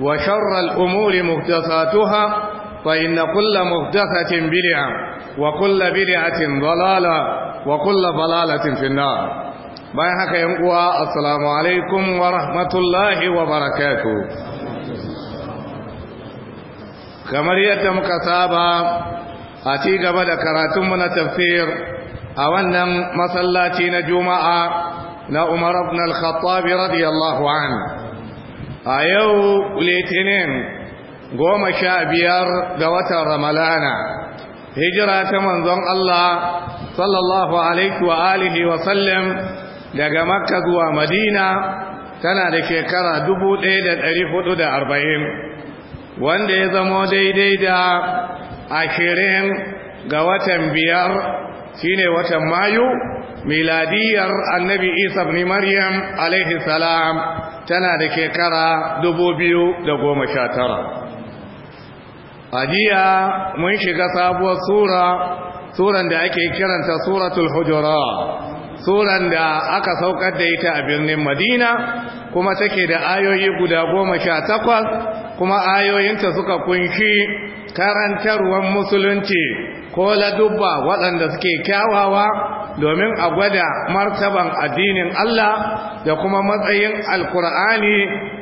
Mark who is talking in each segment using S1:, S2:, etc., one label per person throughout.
S1: وشر الأمور مهدساتها فإن كل مهدسة بدعة وكل بدعة ضلالة وكل ضلالة في النار bayan haka yan uwa assalamu alaikum wa rahmatullahi wa barakatu kamar yadda muka saba a ci gaba da karatunmu na tafsir a wannan masallaci na juma'a na umar ibn al radiyallahu anhu a yau litinin goma sha biyar ga watan ramalana hijira ta manzon Allah sallallahu alaihi wa alihi wa sallam daga makka zuwa madina tana da shekara dubu ɗaya da da ɗari arba'in, wanda ya zamo daidai da ashirin ga watan biyar shine watan mayu miladiyar annabi isa ibn maryam alaihi salam tana da shekara 2019 ajiya mun shiga sabuwar sura suran da ake kiranta suratul hujura suran da aka saukar da ita a birnin madina kuma take da ayoyi guda goma sha takwas kuma ayoyinta suka kunshi karantarwar musulunci ko ladubba waɗanda suke kyawawa domin a gwada martaban addinin Allah da kuma matsayin alkur'ani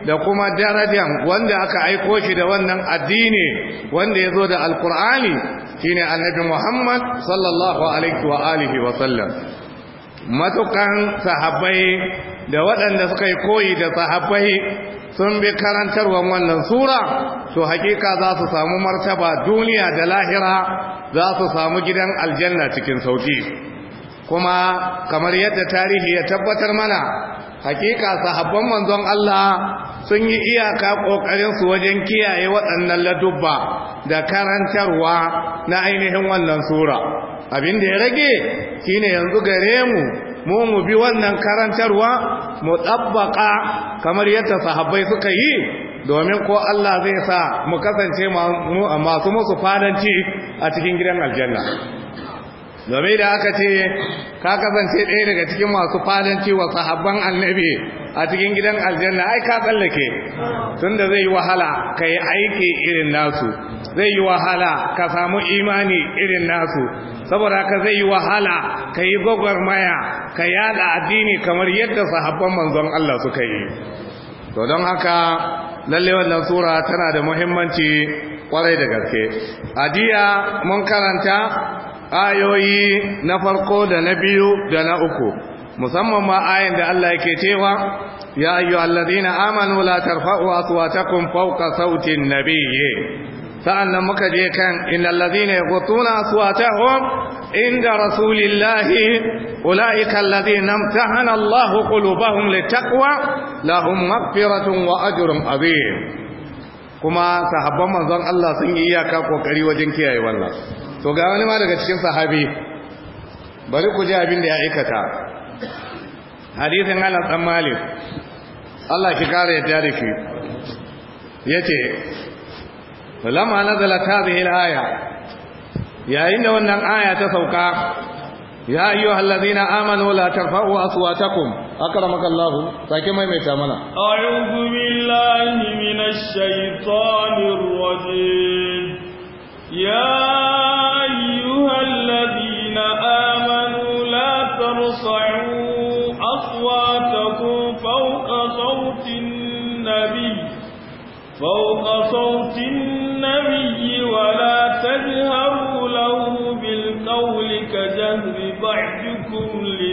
S1: da kuma darajan wanda aka aiko shi da wannan addini wanda ya zo da alkur'ani shine annabi Muhammad sallallahu alaihi wa alihi wa sallam matukan sahabbai da waɗanda suka yi koyi da sahabbai sun bi karantarwar wannan sura to hakika za su samu martaba duniya da lahira za su samu gidan aljanna cikin sauki kuma kamar yadda tarihi ya tabbatar mana hakika sahabban manzon Allah sun yi iyaka kokarin su wajen kiyaye waɗannan ladubba da karantarwa na ainihin wannan sura abin da ya rage shine yanzu gare mu mu mu bi wannan karantarwa mu tabbaka kamar yadda sahabbai suka yi domin ko Allah zai sa mu kasance masu musu fadanci a cikin gidan aljanna domin da aka ce ka kasance ɗaya daga cikin masu fadanci wa sahabban annabi a cikin gidan aljanna ai ka tsallake Tun da zai yi wahala ka yi aiki irin nasu zai yi wahala ka samu imani irin nasu saboda ka zai yi wahala ka yi gwagwarmaya ka yada addini kamar yadda sahabban manzon Allah suka yi to don haka lalle wannan sura tana da muhimmanci kwarai da gaske jiya mun karanta ayoyi na farko da na biyu da na uku musamman ma ayin da Allah yake cewa ya ayyuhallazina amanu la tarfa'u aswatakum fawqa sautin nabiyyi sa'annan muka je kan innal ladhina yaghuttuna aswatahum inda rasulillahi ulaika alladhina imtahana Allahu qulubahum littaqwa lahum maghfiratun wa ajrun azim kuma sahabban manzon Allah sun yi iyaka kokari wajen kiyaye wannan to ga wani ma daga cikin sahabi bari ku ji abin da ya aikata hadisin Anas dan Malik Allah ki kare ya tare ki yace lamma nazalat hadhihi al-aya yayin da wannan aya ta sauka ya ayyuhal ladina amanu la tarfa'u aswatakum akramakallahu sake maimaita mana
S2: a'udhu billahi minash shaitanir rajim ya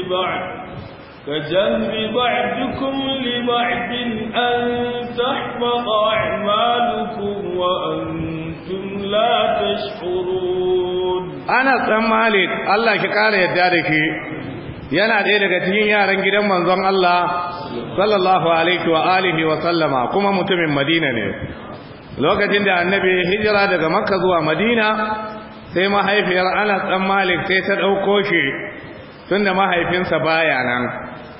S2: بعد ɗan بعدكم Allah
S1: أن ƙara yarda da ke, yana ɗaya daga cikin yaran gidan manzon Allah sallallahu alaihi wa alihi kuma mutumin Madina ne lokacin da annabi ya hijira daga Makka zuwa Madina sai mahaifiyar Anas ɗan Malik sai ta ɗauko shi tun da mahaifinsa baya nan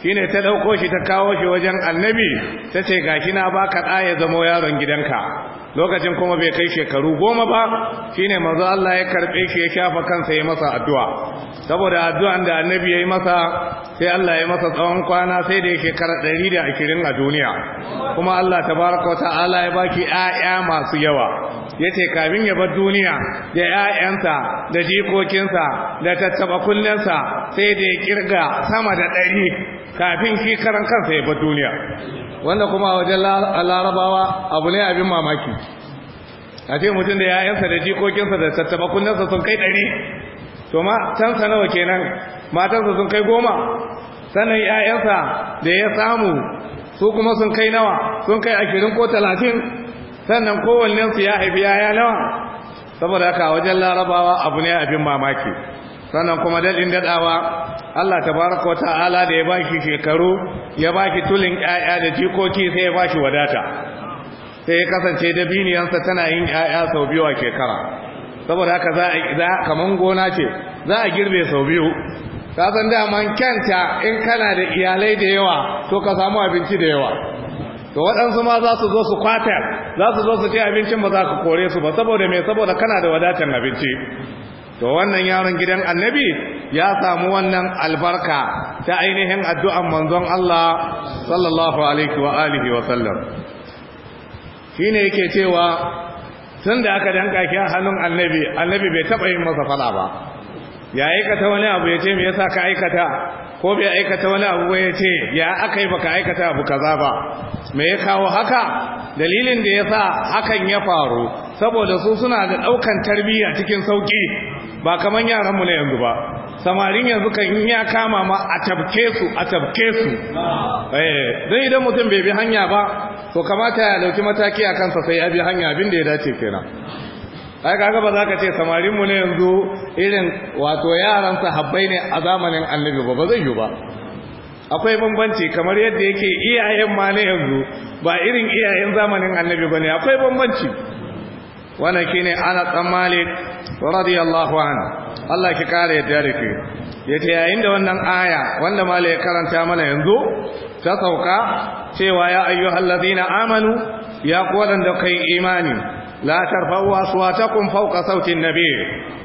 S1: shi ne ta ɗauko shi ta kawo shi wajen annabi ta ce gashi na ba kaɗa ya zamo yaron gidanka lokacin kuma bai kai shekaru goma ba shine manzo Allah ya karbe shi ya shafa kansa ya masa addu'a saboda addu'an da annabi ya yi masa sai Allah ya masa tsawon kwana sai da ya shekara 120 a duniya kuma Allah tabaraka wa ta'ala ya baki ƴaƴa masu yawa yace kafin ya bar duniya da ƴaƴansa da jikokinsa da tattaba kullensa sai da ya kirga sama da ɗari kafin shi karan kansa ya bar duniya wanda kuma a wajen larabawa abu ne abin mamaki a ce mutum da yayansa da jikokinsa da tattabakunansa sun kai ɗari to ma can nawa kenan matansa sun kai goma sannan yayansa da ya samu su kuma sun kai nawa sun kai ashirin ko talatin sannan kowannensu ya haifi yaya nawa saboda haka wajen larabawa abu ne abin mamaki sannan kuma daɗin daɗawa Allah tabaraka wa ta'ala da ya baki shekaru ya baki tulin ƴaƴa da jikoki sai ya baki wadata sai ya kasance dabiniyansa tana yin ƴaƴa sau biyu a shekara saboda haka za a kaman gona ce za a girbe sau biyu ka san daman kyanta in kana da iyalai da yawa to ka samu abinci da yawa to waɗansu ma za su zo su kwata za su zo su ci abincin ba za ka kore su ba saboda me saboda kana da wadatan abinci to wannan yaron gidan annabi ya samu wannan albarka ta ainihin addu'an manzon Allah sallallahu alaihi wa alihi wa sallam shine yake cewa tun da aka danka ki a hannun annabi annabi bai taba yin masa fada ba ya aikata wani abu ya me yasa ka aikata ko bai aikata wani abu ba ya ce ya aka yi baka aikata abu kaza ba me ya kawo haka dalilin da ya sa hakan ya faru saboda su suna da ɗaukan tarbiyya cikin sauki ba yaran yaranmu na yanzu ba samarin yanzu kan in ya kama ma a tabke su a tabke su ah. eh idan mutum bai bi hanya ba to kamata ya dauki mataki a kansa sai ya bi hanya abin da ya dace kenan ai kaga ba za ka ce samarin mu ne yanzu irin wato yaran habbai ne a zamanin annabi ba ba zai yi ba akwai bambanci kamar yadda yake iyayen ma na yanzu ba irin iyayen zamanin annabi bane akwai bambanci wannan shine ne ɗan Malik radiyallahu an Allah ki kare yadda da ke yace yayin da wannan aya wanda mala ya karanta mana yanzu ta sauka cewa ya hallazina amanu ya kuwadan da kai imani la tarfa'u aswatakum fawqa sauti nabi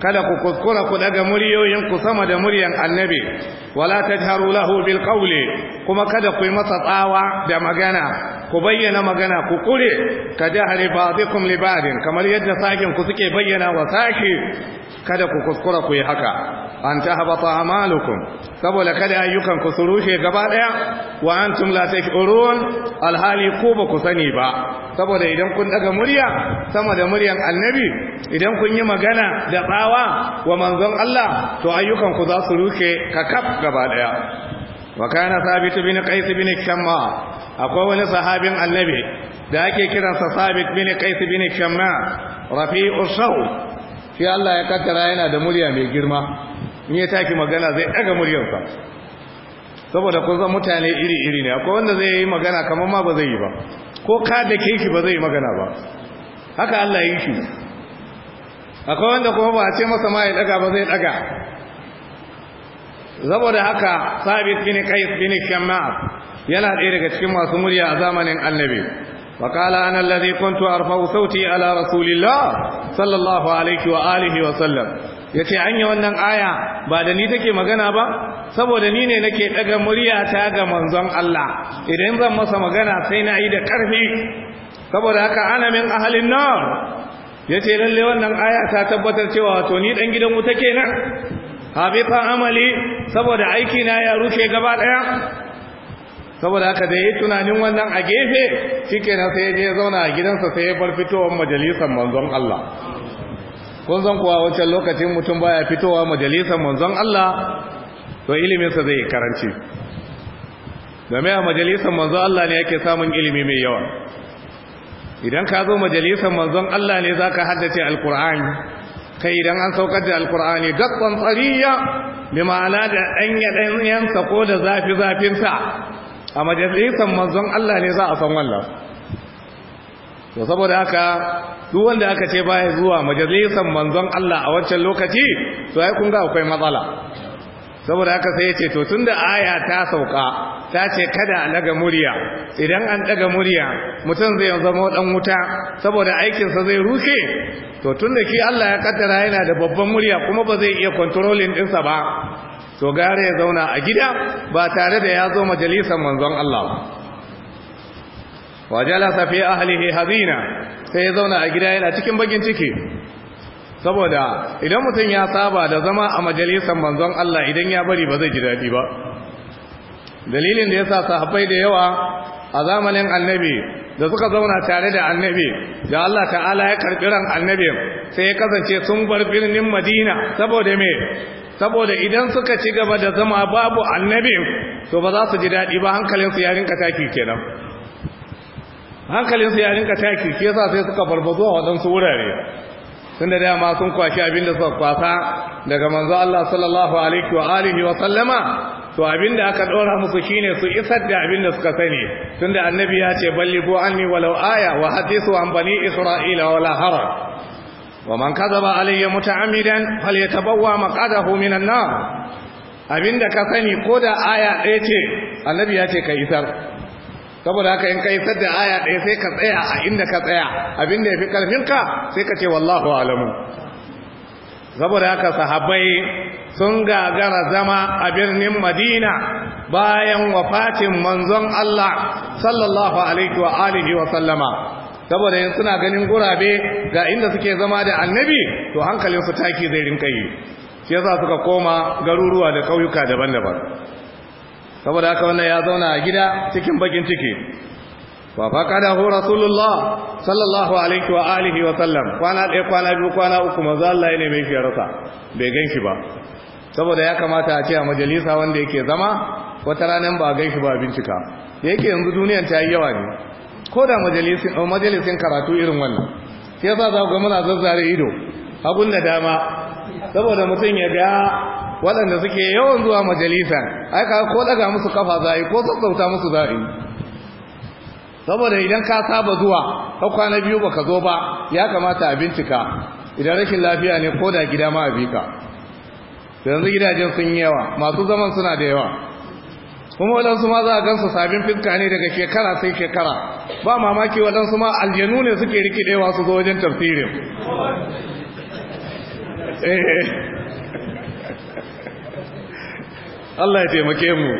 S1: kada ku kuskura ku daga muryoyin ku sama da muryan annabi wala tajharu lahu bil qawli kuma kada ku yi masa tsawa da magana ku bayyana magana ku kure ka jahari zai li ba'din kamar yadda sakin ku suke bayyana wa sashi kada ku kuskura ku yi haka an tahbata amalukum saboda kada ayyukan ku su rushe gaba ɗaya, wa an tun la tashurun alhali ku ba ku sani ba saboda idan kun daga murya sama da muryan annabi idan kun yi magana da tsawa wa manzon Allah to ayyukan ku za su rushe kakaf gaba ɗaya. wa kana sabit bin qais bin shamma akwai wani sahabin annabi da ake kiransa sabit bin qais bin shamma rafi'u saw shi Allah ya kaddara yana da murya mai girma in ya taki magana zai daga muryarsa saboda ko zan mutane iri iri ne akwai wanda zai yi magana kamar ma ba zai yi ba ko ka da ke ba zai yi magana ba haka Allah ya yi shi akwai wanda kuma ba a ce masa ma ya daga ba zai daga saboda haka sabit bin qais bin shammas yana ɗaya daga cikin masu murya a zamanin annabi وقال أنا الذي كنت أرفع صوتي ala rasulillah. Sallallahu alaihi الله عليه وآله وسلم yace an yi wannan aya ba da ni take magana ba saboda ni ne nake daga muryata ga manzon Allah idan zan masa magana sai na yi da karfi saboda haka ana min ahalin nar yace lalle wannan aya ta tabbatar cewa to ni dan gidan mu take nan habita amali saboda aiki na ya rushe gaba daya saboda haka da yi tunanin wannan a gefe na sai ya je zauna a gidansa sai ya bar fitowar majalisar manzon Allah kun zan kuwa wancan lokacin mutum baya fitowa majalisar manzon Allah to iliminsa zai karanci game a majalisar manzon Allah ne yake samun ilimi mai yawa idan ka zo majalisar manzon Allah ne zaka haddace alkur'ani kai idan an saukar da alkur'ani gatsan tsariya bi ma'ana da ɗanya ɗanyansa ko da zafi zafinsa a majalisar manzon Allah ne za a san wannan to saboda haka duk wanda aka ce baya zuwa majalisar manzon Allah a wancan lokaci to ai kun ga akwai matsala saboda haka sai ya ce to tunda aya ta sauka ta ce kada a daga murya idan an daga murya mutum zai zama dan wuta saboda aikinsa zai rushe to tunda ki Allah ya kaddara yana da babban murya kuma ba zai iya controlling ɗinsa ba to gare ya zauna a gida ba tare da ya zo majalisar manzon Allah wa jalasa fi ahlihi hazina sai ya zauna a gida yana cikin bakin ciki saboda idan mutum ya saba da zama a majalisar manzon Allah idan ya bari ba zai ji daɗi ba dalilin da ya sa sahabbai da yawa a zamanin annabi da suka zauna tare da annabi da Allah ta'ala ya karɓi ran annabi sai ya kasance sun bar birnin madina saboda me saboda idan suka ci gaba da zama babu annabi to ba za su ji daɗi ba hankalinsu ya rinka taki kenan hankalinsu ya rinka taki ke yasa sai suka barbazo a waɗansu wurare tunda dama sun kwashi abin da suka kwasa daga manzo Allah sallallahu alaihi wa alihi wa sallama to abin da aka dora musu shine su isar da abin da suka sani tunda annabi ya ce ballighu anni walau aya wa hadithu an bani isra'ila wala haraj wa man kadhaba alayya muta'ammidan falyatabawwa maqadahu minan nar abin da ka sani ko da aya ɗaya ce annabi ya ce ka isar saboda haka in ka isar da aya ɗaya sai ka tsaya a inda ka tsaya abin da ya fi ƙarfinka sai ka ce wallahu alamu saboda haka sahabbai sun gagara zama a birnin madina bayan wafatin manzon Allah sallallahu alaihi wa wa sallama saboda yin suna ganin gurabe ga inda suke zama da annabi to hankalin su taki zai rinkayi. yi shi yasa suka koma garuruwa da ƙauyuka daban-daban saboda haka wannan ya zauna a gida cikin bakin ciki wa faqada hu rasulullah sallallahu alaihi wa alihi wa sallam kwana ɗaya kwana biyu kwana uku manzo Allah yana mai shi ya rasa bai ganki ba saboda ya kamata a ce a majalisa wanda yake zama wata ranar ba shi ba bincika da yake yanzu duniyan ta yi yawa ne ko da majalisin oh, majalisin karatu irin wannan sai sa za ku ga muna zazzare ido abun da dama saboda mutum ya ga waɗanda suke yawan zuwa majalisa ai ko daga musu kafa zai ko sassauta musu zai saboda idan ka saba zuwa ka kwana biyu baka zo ba ya kamata a bincika idan rashin lafiya ne ko da gida ma a bi ka yanzu gidajen sun yi yawa masu zaman suna da yawa kuma waɗansu ma za a gansu sabin fiska ne daga shekara sai shekara ba mamaki waɗansu ma aljanu ne suke rikidewa su zo wajen tafsirin eh, eh. Allah ya taimake mu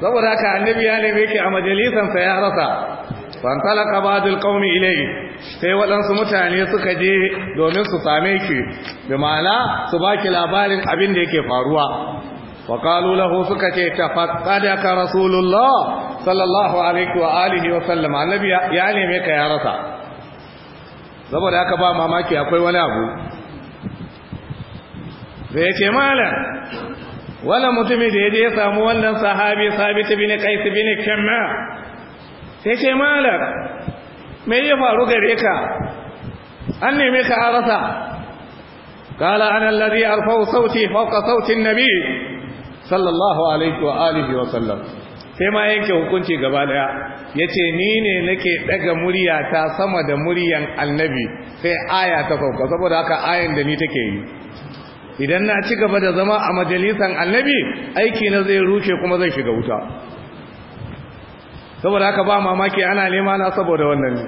S1: saboda haka annabi ya nemi yake a majalisan sa ya rasa fan talaka ba'dul qaumi ilayhi sai waɗansu mutane suka je domin su same ki bi ma'ana su baki labarin abin da yake faruwa wa qalu lahu suka ce tafaqqadaka rasulullah sallallahu alaihi wa alihi wa sallam annabi ya nemi ka ya rasa saboda haka ba mamaki akwai wani abu zai ce malam wannan mutumin da ya je ya samu wannan sahabi sabit bin qais bin kamma sai ce malam me ya faru gare ka an neme ka a rasa قال أنا sauti? أرفع صوتي nabi sallallahu alaihi wa alihi wa sallam Sai ma yake hukunci gaba daya yace ni ne nake daga muryata sama da muryan annabi sai aya ta sauka saboda haka ayan da ni take yi idan na ci gaba da zama a majalisan annabi aiki na zai rushe kuma zai shiga wuta saboda haka ba mamaki ana nema na saboda wannan ne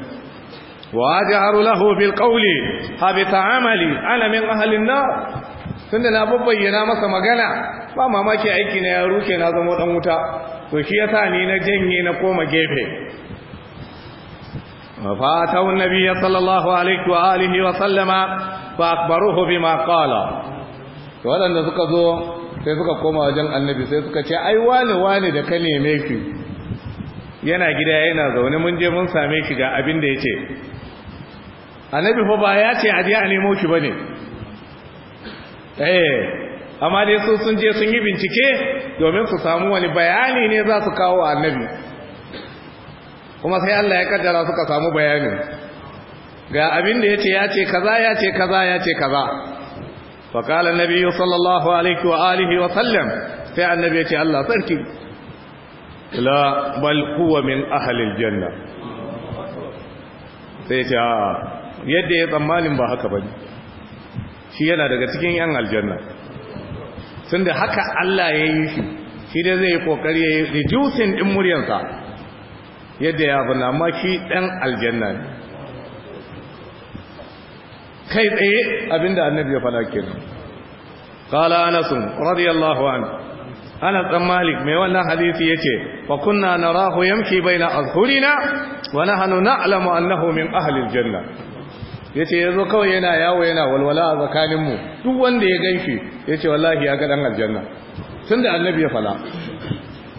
S1: wa ja'aru lahu bil qawli bi amali ana min ahli an tunda na babbayyana masa magana ba mamaki aiki na ya rushe na zama dan wuta to shi yasa ni na janye na koma gefe فاتوا النبي صلى الله عليه وآله وسلم فأخبروه بما قال to waɗanda suka zo sai suka koma wajen annabi sai suka ce ai wane wane da ka neme ki yana gida yana zaune mun je mun same shi ga abin da ya ce annabi fa ba ya ce a je a nemo ki ba eh amma dai su sun je sun yi bincike domin su samu wani bayani ne za su kawo annabi kuma sai Allah ya kaddara suka samu bayani ga abin da ya ce ya ce kaza ya ce kaza ya ce kaza فقال النبي صلى الله عليه وآله وسلم سأل النبي الله تركي لا بل هو من أهل الجنة سيتي yadda ya tsammanin ba haka bane shi yana daga cikin yan aljanna tunda haka Allah ya yi shi shi dai zai kokari ya yi reducing din muryansa yadda ya bana amma shi dan aljanna ne kai tsaye abinda annabi ya fada kenan qala anas radiyallahu anhu anas dan malik mai wannan hadisi yace fa kunna narahu yamshi baina azhurina wa nahnu na'lamu annahu min ahli aljanna yace yazo kawai yana yawo yana walwala a tsakanin mu duk wanda ya ganshi yace wallahi ya ga dan aljanna tunda annabi ya fada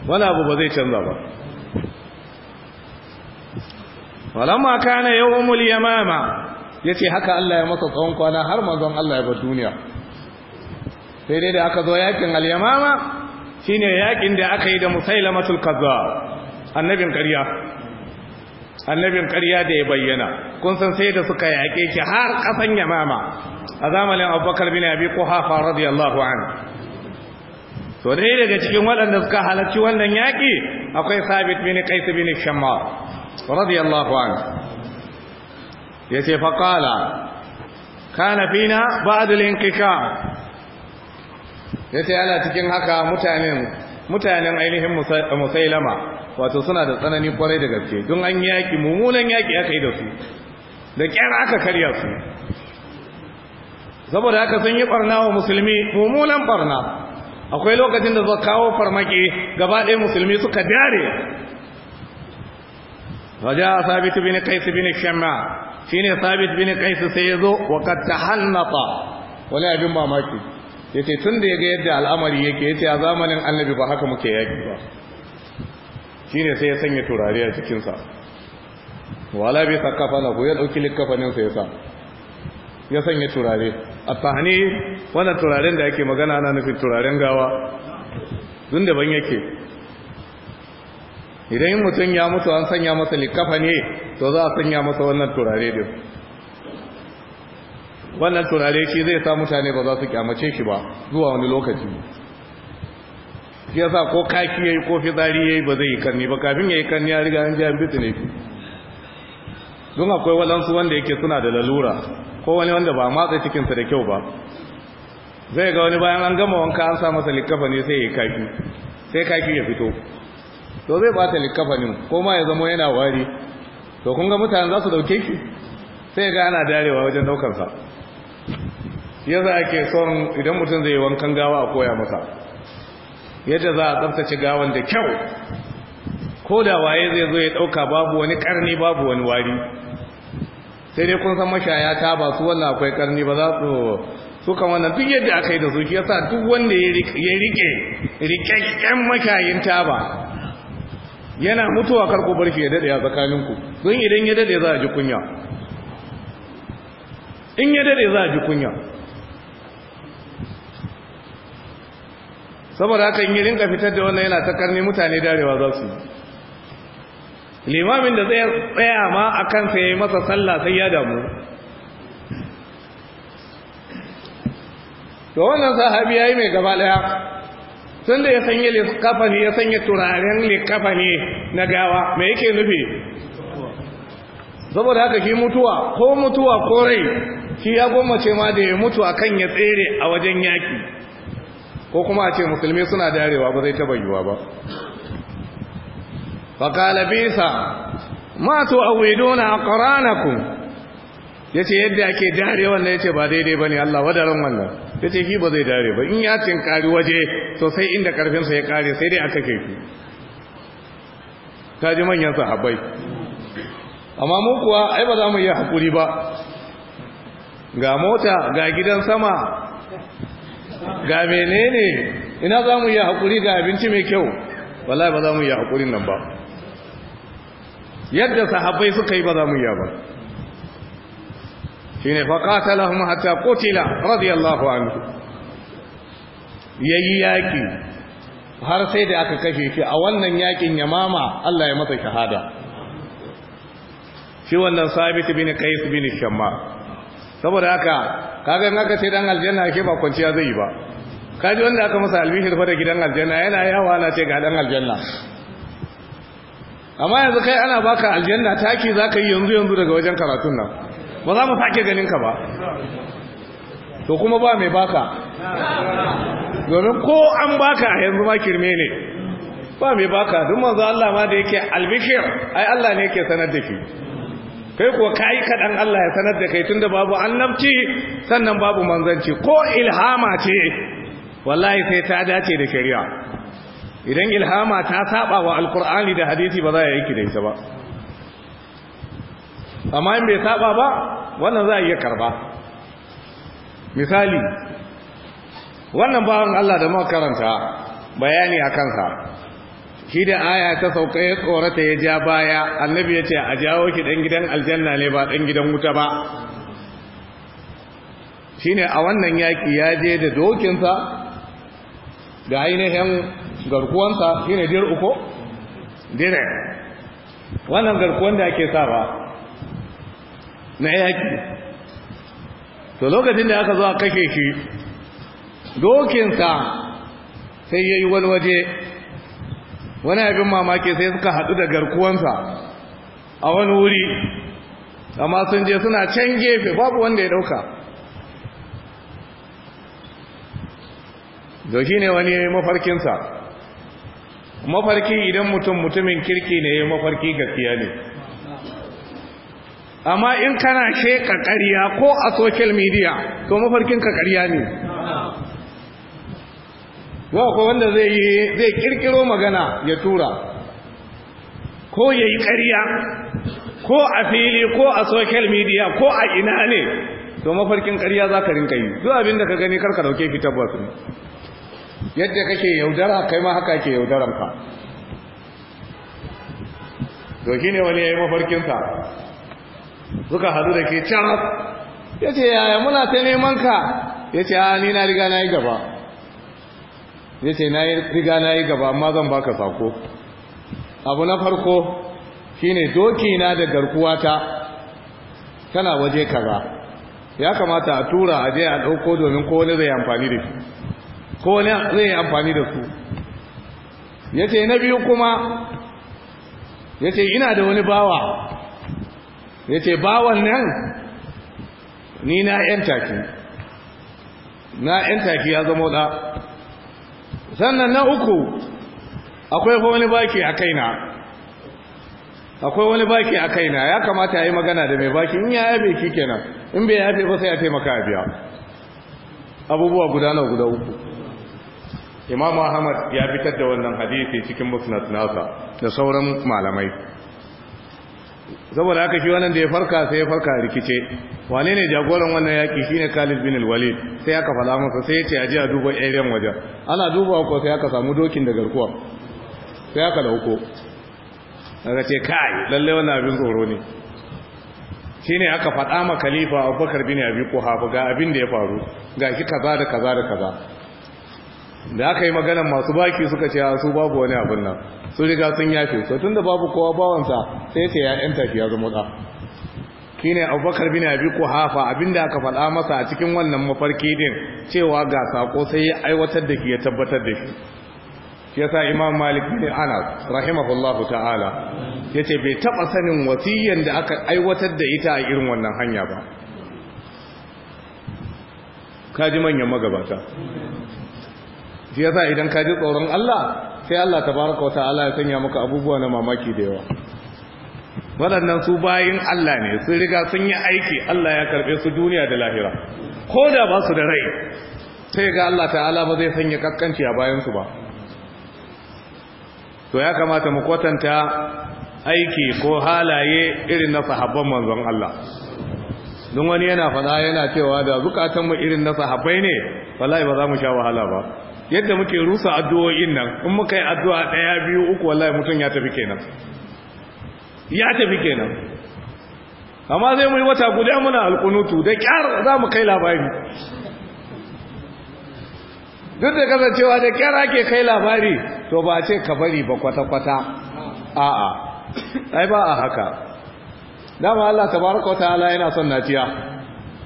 S1: wani abu ba zai canza ba walamma kana yawmul yamama ya ce haka Allah ya masa tsawon kwana har manzon Allah ya bar duniya sai dai da aka zo yakin al-yamama shine yakin da aka yi da musailamatul kazzab annabin ƙarya annabin ƙarya da ya bayyana kun san sai da suka yaƙe shi har ƙasan yamama a zamanin abubakar bin abi kuhafa radiyallahu anhu to dai daga cikin waɗanda suka halarci wannan yaƙi akwai sabit bin qais bin shammar radiyallahu anhu ya ce faƙala kana fina ba'adulin kika ya ce ana cikin haka mutanen mutanen ainihin musailama wato suna da tsanani kwarai da gaske don an yaki mummunan yaki aka yi da su da kyar aka karya su saboda haka sun yi barna wa musulmi mummunan barna akwai lokacin da zai kawo farmaki gaba ɗaya musulmi suka dare raja sabitu bin kais bin shamma shine sabit bin qais sai yazo wa kad tahannata wala abin mamaki yace da yaga yadda al'amari yake yace a zamanin annabi ba haka muke yaki ba shine sai ya sanya turare a cikin sa wala bi sakafana ko ya dauki likafanin sa yasa ya sanya turare a tahni wannan turaren da yake magana ana nufin turaren gawa dun da ban yake idan mutum ya mutu an sanya masa likafa ne to za a sanya masa wannan turare din wannan turare shi zai sa mutane ba za su kyamace shi ba zuwa wani lokaci shi sa ko kaki ya yi ko fitsari yi ba zai yi karni ba kafin ya yi karni ya riga an ji an bitu ne don akwai walansu wanda yake suna da lalura ko wani wanda ba matsa cikinsa da kyau ba zai ga wani bayan an gama wanka an sa masa likafa ne sai ya yi kaki sai kaki ya fito to zai bata likafanin ko ma ya zama yana wari to kun ga mutane za su dauke shi sai ga ana darewa wajen shi yasa ake son idan mutum zai wankan gawa a koya masa yadda za a tsaftace gawan da kyau ko da waye zai zo ya dauka babu wani karni babu wani wari sai dai kun san mashaya ta ba su wannan akwai karni ba za su su kan wannan duk yadda aka yi da su shi yasa duk wanda ya rike rike mashayin taba yana mutuwa karku barki ya dade a tsakaninku don idan ya dade za a ji kunya in ya dade za a ji kunya saboda haka in yi rinka fitar da wannan yana ta karni mutane darewa za su limamin da zai tsaya ma a kansa ya yi masa sallah sai ya damu to wannan sahabi ya yi mai gaba daya tun da ya sanya likafani ya sanya turaren likafani na gawa mai yake nufi saboda haka ki mutuwa ko mutuwa ko rai shi ya gwammace ma da ya mutu akan ya tsere a wajen yaki ko kuma a ce musulmi suna darewa ba zai taba yiwa ba faƙala bisa ma tu'awiduna qur'anakum ya ce yadda ake dare wannan ya ce ba daidai ba ne Allah wadarin wannan ya ce ba zai dare ba in ya tinkari waje to sai inda karfinsa ya kare sai dai aka kai ta ji manyan sahabbai amma mu kuwa ai ba za mu yi haƙuri ba ga mota ga gidan sama ga menene ina za mu yi haƙuri ga abinci mai kyau wallahi ba za mu yi haƙurin nan ba yadda sahabbai suka yi ba za mu yi ba shine fa qatalahum hatta qutila radiyallahu anhu yayi yaki har sai da aka kashe shi a wannan yakin mama. Allah ya masa shahada shi wannan sabit bin qais bin shamma saboda haka kaga in aka ce dan aljanna ke ba kwanciya zai yi ba kaji wanda aka masa albishir fa da gidan aljanna yana yawa ana ce ga dan aljanna amma yanzu kai ana baka aljanna taki zaka yi yanzu yanzu daga wajen karatun nan ba za mu sake ganin ka ba to kuma ba mai baka domin ko an baka yanzu ma kirme ne ba mai baka don manzo Allah ma da yake albishir ai Allah ne yake sanar da ke. kai kuwa kai kaɗan Allah ya sanar da kai da babu annabci sannan babu manzanci ko ilhama ce wallahi sai ta dace da shari'a idan ilhama ta saba wa alqur'ani da hadisi ba za ya yi ki da ita ba amma in bai saba ba wannan za a iya karba misali wannan bawan Allah da makaranta bayani a kansa shi da aya ta sauka ya tsorata ya ja baya annabi ya ce a jawo ki dan gidan aljanna ne ba dan gidan wuta ba shine a wannan yaki ya je da dokinsa da ainihin garkuwansa shine dir uko dire wannan garkuwan da ake sa ba na yaki to lokacin da aka zo a kake shi dokinsa sai ya yi walwaje wani abin mamaki sai suka haɗu da garkuwansa a wani wuri amma sun je suna can gefe babu wanda ya ɗauka doki ne wani ya yi mafarkinsa mafarki idan mutum mutumin kirki ne ya mafarki gaskiya ne amma in kana sheka ƙarya ko a social media to mafarkin ƙarya ne wa ko wanda zai yi zai kirkiro magana ya tura ko ya yi ƙarya ko a fili ko a social media ko a ina ne to mafarkin ƙarya za ka rinka yi duk abin da ka gani karka dauke fi tabbas yadda kake yaudara kai ma haka ke yaudararka. Dokine wani ya yi mafarkinsa. suka hadu da ke can. ya ce yaya muna ta neman ka ya ce a ah, ni na riga na yi gaba ya ce na riga na yi gaba amma zan baka sako abu na farko shine doki na da garkuwata tana waje kaza ya kamata a tura a je a ɗauko domin ko wani zai amfani da su ko zai amfani da su ya ce na biyu kuma ya ce ina da wani bawa ya ce bawan nan ni na ‘yan taki na ‘yan taki ya zama da sannan na uku akwai wani baki a kaina akwai wani baki a kaina ya kamata ya yi magana da mai baki in ya yabe ki kenan in bai yabe ba sai ya taimaka a biya abubuwa guda na guda uku Imam ahmad ya fitar da wannan hadisi cikin musnad nasa da sauran malamai saboda haka shi wannan da ya farka sai ya farka rikice wane ne jagoran wannan yaki shine Khalid bin al-Walid sai aka fada masa sai ya ce aje a duba area wajen ana duba ko sai aka samu dokin da garkuwa sai aka dauko aka ce kai lalle wannan abin tsoro ne shine aka fada ma khalifa Abubakar bin Abi Quhafa ga abin da ya faru ga shi kaza da kaza da kaza da aka yi maganan masu baki suka ce su babu wani abin nan su riga sun yafe so tunda babu kowa bawansa sai ce ya yan ya zama da ne Abubakar bin Abi abin abinda aka faɗa masa a cikin wannan mafarki din cewa ga sako sai ya aiwatar da shi ya tabbatar da shi shi yasa Imam Malik bin Anas rahimahullahu ta'ala yace bai taba sanin wasiyyan da aka aiwatar da ita a irin wannan hanya ba kaji manyan magabata shi yasa idan ka ji tsoron Allah sai Allah tabaraka wa ya sanya maka abubuwa na mamaki da yawa waɗannan su bayin Allah ne sun riga sun yi aiki Allah ya karɓe su duniya da lahira ko da ba su da rai sai ga Allah ta'ala ba zai sanya kakkanci a su ba to ya kamata mu kwatanta aiki ko halaye irin na sahabban manzon Allah don wani yana faɗa yana cewa da zukatanmu irin na sahabbai ne wallahi ba za mu sha wahala ba yadda muke rusa addu'o'in nan in muka yi addu'a ɗaya biyu uku wallahi mutum ya tafi kenan ya tafi kenan amma zai mu yi wata guda muna alkunutu da kyar za mu kai labari duk da kasancewa da kyar ake kai labari to ba ce ka bari ba kwata-kwata a'a ai ba a haka dama Allah tabaraka wa ta'ala yana son naciya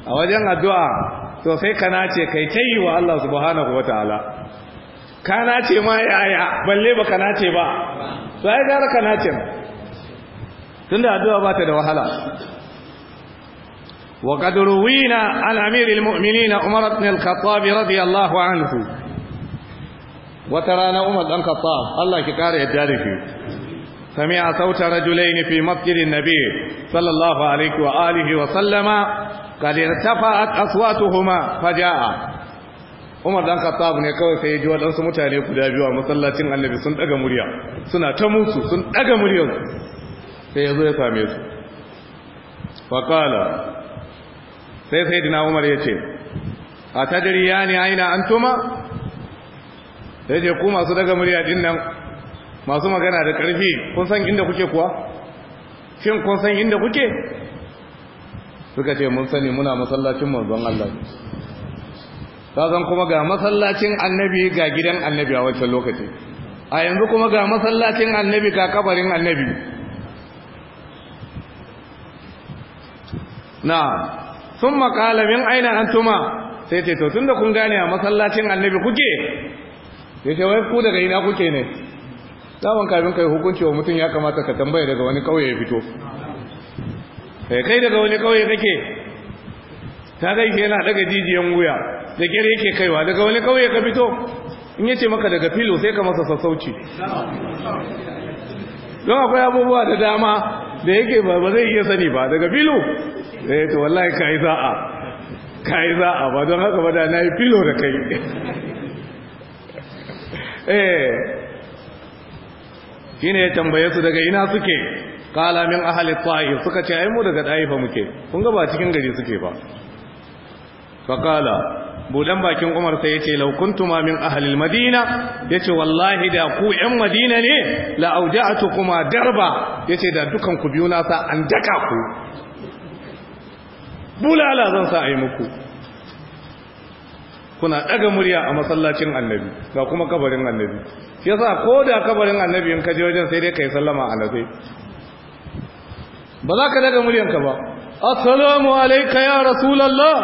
S1: a wajen addu'a to sai ka nace kai ta yi wa Allah subhanahu wa ta'ala ka nace ma yaya balle ba ka nace ba to ai gara ka nace tunda addu'a ba ta da wahala wa qad ruwina an amiril mu'minina umar ibn Katsabi radiyallahu anhu wata rana umar dan khattab Allah ki kare yadda da shi sami'a sauta rajulaini fi masjidin nabi sallallahu alaihi wa alihi wa sallama قد ارتفعت أصواتهما فجاء Umar dan Khattab ne kawai sai ya ji waɗansu mutane guda biyu a masallacin Annabi sun daga murya suna ta musu sun daga murya sai yazo ya same su fa kala sai sayyidina Umar ya ce a tadri yani aina antuma sai je ku masu daga murya din nan masu magana da ƙarfi kun san inda kuke kuwa shin kun san inda kuke suka ce mun sani muna masallacin manzon Allah zan kuma ga masallacin annabi ga gidan annabi a wancan lokaci a yanzu kuma ga masallacin annabi ga kabarin annabi na sun makala ainihin aina an tuma sai ce to tun da kun gane a masallacin annabi kuke ya ce wai ku daga ina kuke ne daman kafin kai hukunci wa mutum ya kamata ka tambaya daga wani kauye ya fito Eh, kai daga wani kauye kake ta gai ke yana daga jijiyan wuya da kyar yake kaiwa daga wani kauye ka fito in yace maka daga filo sai ka masa sassauci don akwai abubuwa da dama da yake ba zai iya sani ba daga filo da eh, to wallahi ka za'a ka za'a ba don haka ba da na yi filo da kai eh shine ya tambaye su daga ina suke qala min ahli ta'if suka ce ai mu daga ta'ifa muke kun ga ba cikin gari suke ba fa qala budan bakin Umar sai yace law kuntuma min ahli almadina yace wallahi da ku 'yan Madina ne la auja'atukuma darba yace da dukan ku biyu na sa an daka ku bulala zan sa ai muku kuna daga murya a masallacin annabi ga kuma kabarin annabi shi yasa ko da kabarin annabi in ka je wajen sai dai kai sallama a nazai ba za ka daga muryanka ba assalamu alayka ya rasulullah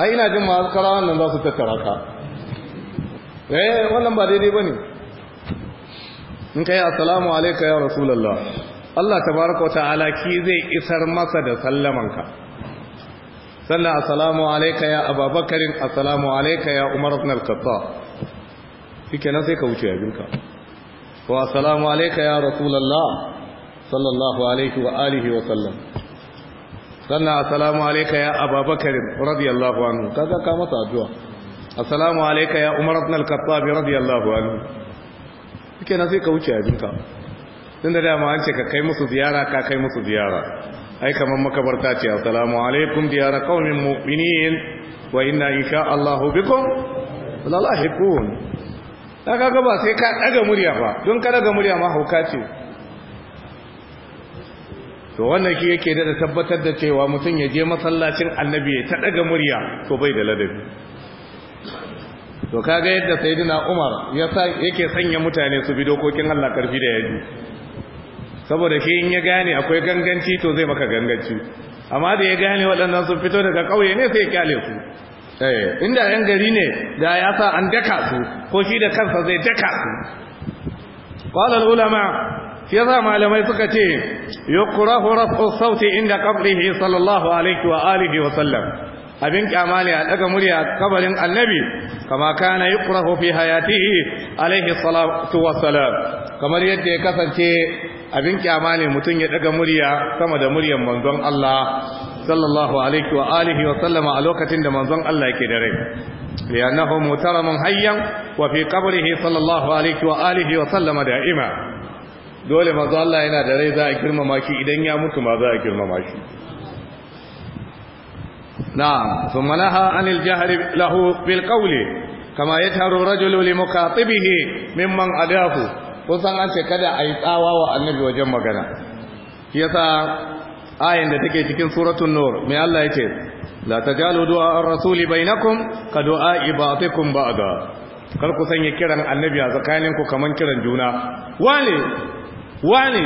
S1: ai ina jin azkara wannan za su tattara ka eh wannan ba daidai bane in kai assalamu alayka ya rasulullah Allah tabaraka wa ta'ala ki zai isar masa da sallamanka sannan assalamu alaika ya ababakarin assalamu alaika ya umar ibn al-khattab shikenan sai ka wuce abinka wa assalamu alaika ya rasulullah sallallahu alaihi wa alihi wa sallam sannan assalamu alaika ya ababakarin radiyallahu anhu kaga ka masa addu'a assalamu alaika ya umar ibn al-khattab radiyallahu anhu shikenan sai ka wuce abinka dama an ce ka kai musu ziyara ka kai musu ziyara ai kamar makabarta ce assalamu alaikum diyar qaumin mu'minin wa inna insha Allahu bikum lalahiqun daga ga ba sai ka daga murya ba don ka daga murya ma hauka ce to wannan ki yake da tabbatar da cewa mutum ya je masallacin annabi ta daga murya to bai da ladabi to kaga yadda sayyidina Umar ya yake sanya mutane su bi dokokin Allah karfi da yaji saboda shi in ya gane akwai ganganci to zai maka ganganci amma da ya gane waɗannan sun fito daga ƙauye ne sai ya kyale su eh, inda yan gari ne da ya sa an daka su ko shi da kansa zai daka su ƙwalar ulama shi ya yasa malamai suka ce yukrahu raf'u sauti inda qabrihi sallallahu alaihi wa alihi wa sallam abin kyama ne a daga murya kabarin annabi kama kana ƙurahu fi hayatihi alaihi salatu wa salam kamar yadda ya kasance abin kyama ne mutum ya daga murya sama da muryan manzon Allah sallallahu alaihi wa alihi wa sallama a lokacin da manzon Allah yake da rai liyanahu mutaraman hayyan wa fi qabrihi sallallahu alaihi wa alihi wa sallama da'ima dole manzon Allah yana da rai za a girmama shi idan ya mutu ma za a girmama shi نعم ثم نهى عن الجهر له بالقول كما يجهر الرجل لمخاطبه ممن أداه kun san an ce kada a yi tsawa wa annabi wajen magana yasa ayin da take cikin suratul nur mai Allah yace la tajalu du'a ar-rasuli bainakum ka du'a ibatikum ba'da kar ku sanya kiran annabi a tsakanin ku kaman kiran juna Wani wane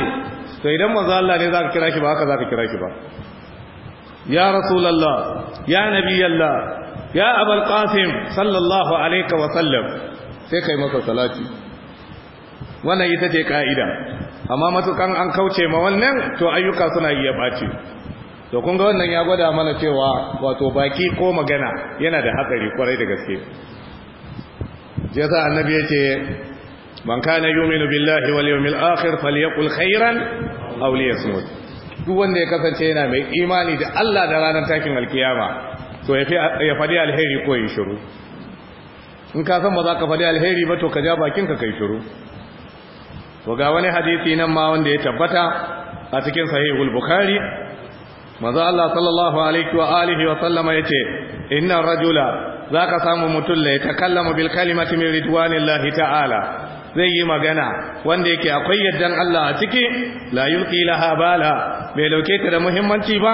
S1: to idan manzo Allah ne zaka kira shi ba haka zaka kira shi ba ya rasulullah ya nabiyallah ya abul qasim sallallahu alaihi wa sallam sai kai masa salati wannan ita ce ka'ida amma matukan an kauce ma wannan to ayyuka suna iya ɓaci to kun ga wannan ya gwada mana cewa wato baki ko magana yana da hatsari kwarai da gaske yasa annabi yace man kana yu'minu billahi wal yawmil akhir falyaqul khairan aw liyasmut duk wanda ya kasance yana mai imani da Allah da ranar takin alkiyama to ya fadi alheri ko ya shiru in ka san ba za ka fadi alheri ba to ka ja bakinka kai shiru to ga wani hadisi nan ma wanda ya tabbata a cikin sahihul bukhari manzo Allah sallallahu alaihi wa alihi wa sallama yace inna rajula zaka samu mutum ya yatakallamu bil kalimati min ridwanillahi ta'ala zai yi magana wanda yake akwai yaddan Allah a ciki la yulqi laha bala bai dauke ta da muhimmanci ba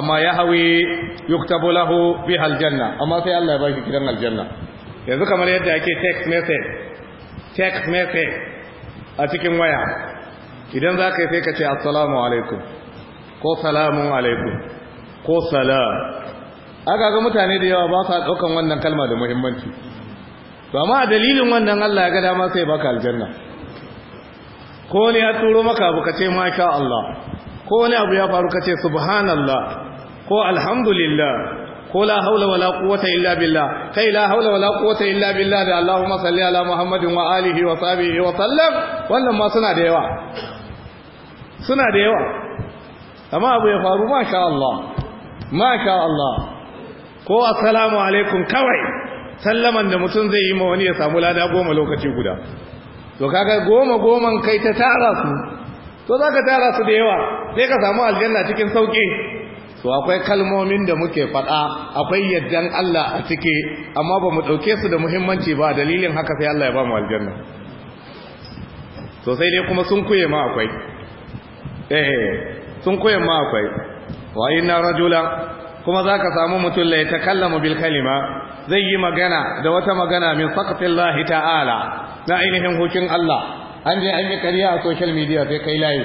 S1: amma ya hawi yuktabu lahu biha aljanna amma sai Allah ya baki gidan aljanna yanzu kamar yadda ake text message text message a cikin waya idan za ka yi sai ka ce assalamu alaikum ko salamun alaikum ko salam aka ga mutane da yawa ba sa ɗaukan wannan kalma da muhimmanci ba ma a dalilin wannan Allah ya ga dama sai baka aljanna ko ne ya turo maka abu ka ce masha Allah ko wani abu ya faru ka ce subhanallah ko alhamdulillah ko la haula wala quwwata illa billah kai la haula wala quwwata illa billah da Allahumma salli ala Muhammadin wa alihi wa sahbihi wa sallam wannan ma suna da yawa suna da yawa amma abu ya faru masha Allah masha Allah ko assalamu alaikum kawai sallaman da mutum zai yi ma wani ya samu lada goma lokaci guda to kaga goma goman kai ta tara su to zaka tara su da yawa sai ka samu aljanna cikin sauki to akwai kalmomin da muke faɗa akwai yaddan Allah a cike amma ba mu ɗauke su da muhimmanci ba dalilin haka sai Allah ya ba mu aljanna to sai kuma sun kuye ma akwai eh sun kuye ma akwai wa inna rajula kuma zaka samu mutum la kallama bil kalima zai yi magana da wata magana min saqatillahi ta'ala na ainihin hukun Allah an je an yi kariya a social media sai kai layi